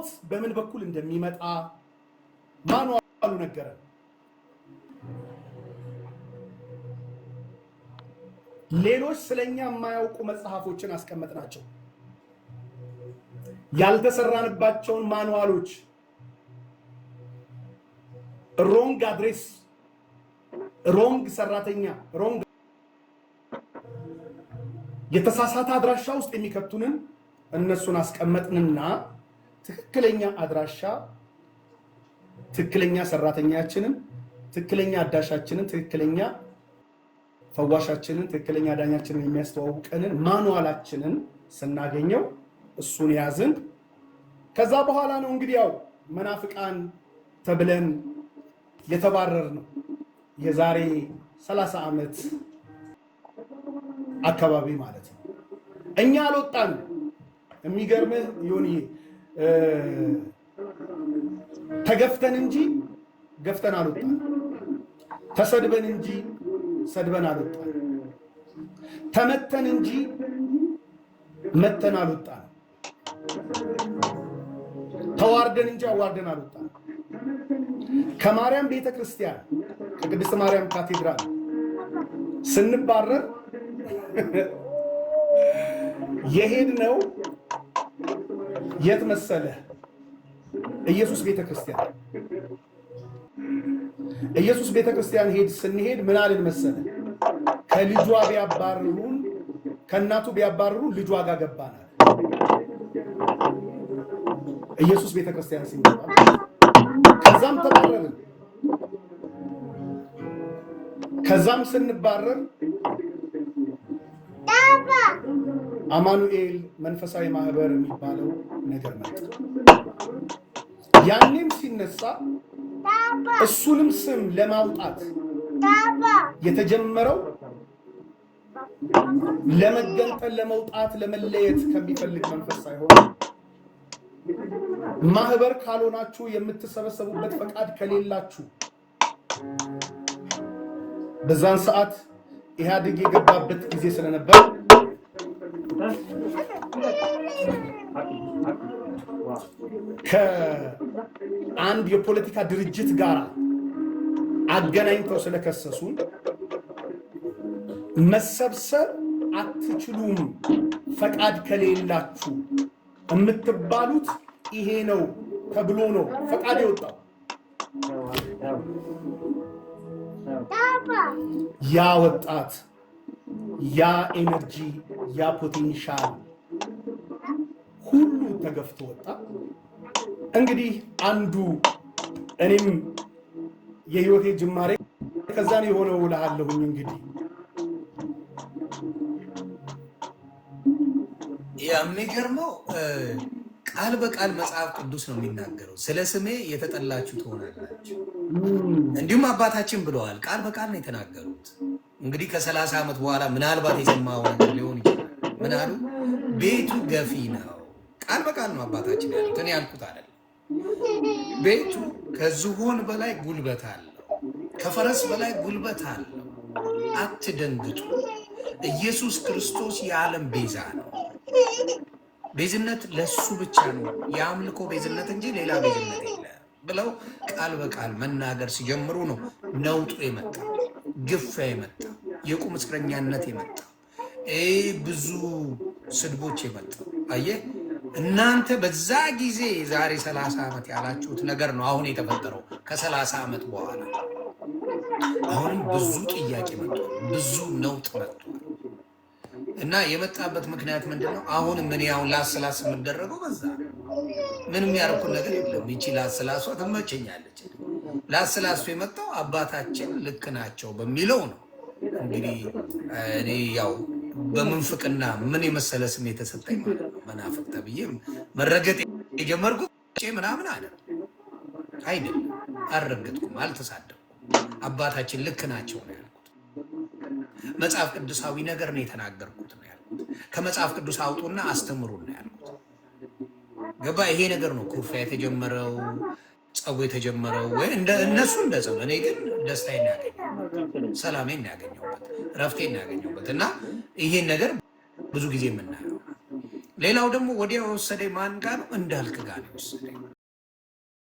ሞት በምን በኩል እንደሚመጣ ማኑዋሉ ነገረ ሌሎች ስለኛ የማያውቁ መጽሐፎችን አስቀመጥናቸው። ያልተሰራንባቸውን ማኑዋሎች፣ ሮንግ አድሬስ፣ ሮንግ ሰራተኛ፣ ሮንግ የተሳሳተ አድራሻ ውስጥ የሚከቱንን እነሱን አስቀመጥንና ትክክለኛ አድራሻ ትክክለኛ ሰራተኛችንን፣ ትክክለኛ አዳሻችንን፣ ትክክለኛ ፈዋሻችንን፣ ትክክለኛ ዳኛችንን የሚያስተዋውቀንን ማኑዋላችንን ስናገኘው እሱን ያዝን። ከዛ በኋላ ነው እንግዲህ ያው መናፍቃን ተብለን የተባረር ነው። የዛሬ 30 ዓመት አካባቢ ማለት ነው። እኛ አልወጣን። የሚገርምህ ይሄ ተገፍተን እንጂ ገፍተን አልወጣን፣ ተሰድበን እንጂ ሰድበን አልወጣን፣ ተመተን እንጂ መተን አልወጣን፣ ተዋርደን እንጂ አዋርደን አልወጣን። ከማርያም ቤተ ክርስቲያን ከቅድስት ማርያም ካቴድራል ስንባረር የሄድነው የት መሰለ? ኢየሱስ ቤተ ክርስቲያን ኢየሱስ ቤተ ክርስቲያን ሄድ ስንሄድ ምን አልን መሰለ? ከልጇ ቢያባርሩን ከእናቱ ቢያባርሩን ልጇ ጋር ገባናል። ኢየሱስ ቤተ ክርስቲያን ሲገባ ከዛም ተባረርን። ከዛም ስንባረር አማኑኤል መንፈሳዊ ማህበር የሚባለው ነገር መጣ። ያኔም ሲነሳ እሱንም ስም ለማውጣት የተጀመረው ለመገንጠል፣ ለመውጣት፣ ለመለየት ከሚፈልግ መንፈስ ሳይሆን ማህበር ካልሆናችሁ የምትሰበሰቡበት ፈቃድ ከሌላችሁ በዛን ሰዓት ኢህአዴግ የገባበት ጊዜ ስለነበር ከአንድ የፖለቲካ ድርጅት ጋር አገናኝተው ስለከሰሱን መሰብሰብ አትችሉም ፈቃድ ከሌላችሁ የምትባሉት ይሄ ነው ተብሎ ነው ፈቃድ የወጣው። ያ ወጣት ያ ኤነርጂ ያ ፖቴንሻል ሁሉ ተገፍቶ ወጣ። እንግዲህ አንዱ እኔም የህይወቴ ጅማሬ ከዛን የሆነው እልሃለሁኝ እንግዲህ የሚገርመው ቃል በቃል መጽሐፍ ቅዱስ ነው የሚናገረው። ስለ ስሜ የተጠላችሁ ትሆናላችሁ። እንዲሁም አባታችን ብለዋል። ቃል በቃል ነው የተናገሩት። እንግዲህ ከሰላሳ ዓመት በኋላ ምናልባት የሰማው ሊሆን ምን አሉ? ቤቱ ገፊ ነው። ቃል በቃል ነው አባታችን ያሉት፣ እኔ ያልኩት አይደለም። ቤቱ ከዝሆን በላይ ጉልበት አለው፣ ከፈረስ በላይ ጉልበት አለው። አትደንግጡ። ኢየሱስ ክርስቶስ የዓለም ቤዛ ነው። ቤዝነት ለሱ ብቻ ነው፣ የአምልኮ ቤዝነት እንጂ ሌላ ቤዝነት የለ ብለው ቃል በቃል መናገር ሲጀምሩ ነው ነውጡ የመጣ ግፋ የመጣ የቁም እስረኛነት የመጣ ብዙ ስድቦች የመጣ አየህ። እናንተ በዛ ጊዜ ዛሬ ሰላሳ ዓመት ያላችሁት ነገር ነው አሁን የተፈጠረው ከሰላሳ ዓመት በኋላ። አሁንም ብዙ ጥያቄ መጥቷል፣ ብዙ ነውጥ መጥቷል። እና የመጣበት ምክንያት ምንድን ነው? አሁን ምን አሁን ላስላስ የምደረገው በዛ ምንም ያደረኩት ነገር የለም። ይቺ ላስላሷ ትመቸኛለች። ላስላሱ የመጣው አባታችን ልክ ናቸው በሚለው ነው። እንግዲህ እኔ ያው በምንፍቅና ምን የመሰለ ስም የተሰጠኝ ማለት ነው። መናፍቅ ተብዬ መረገጥ የጀመርኩ ምናምን አለ አይደለም። አልረገጥኩም፣ አልተሳደብኩም። አባታችን ልክ ናቸው ነው ያልኩት። መጽሐፍ ቅዱሳዊ ነገር ነው የተናገርኩት ነው ያልኩት። ከመጽሐፍ ቅዱስ አውጡና አስተምሩን ነው ያልኩት። ገባ? ይሄ ነገር ነው ኩርፊያ የተጀመረው ጸቡ የተጀመረው ወይ እነሱ እንደጸብ፣ እኔ ግን ደስታዬን ያገኘው ሰላሜን ያገኘው ረፍቴ እናያገኘበት እና ይሄን ነገር ብዙ ጊዜ የምናየው ሌላው ደግሞ ወዲያ ወሰደ ማን ጋር ነው እንዳልክ ጋር ነው የወሰደኝ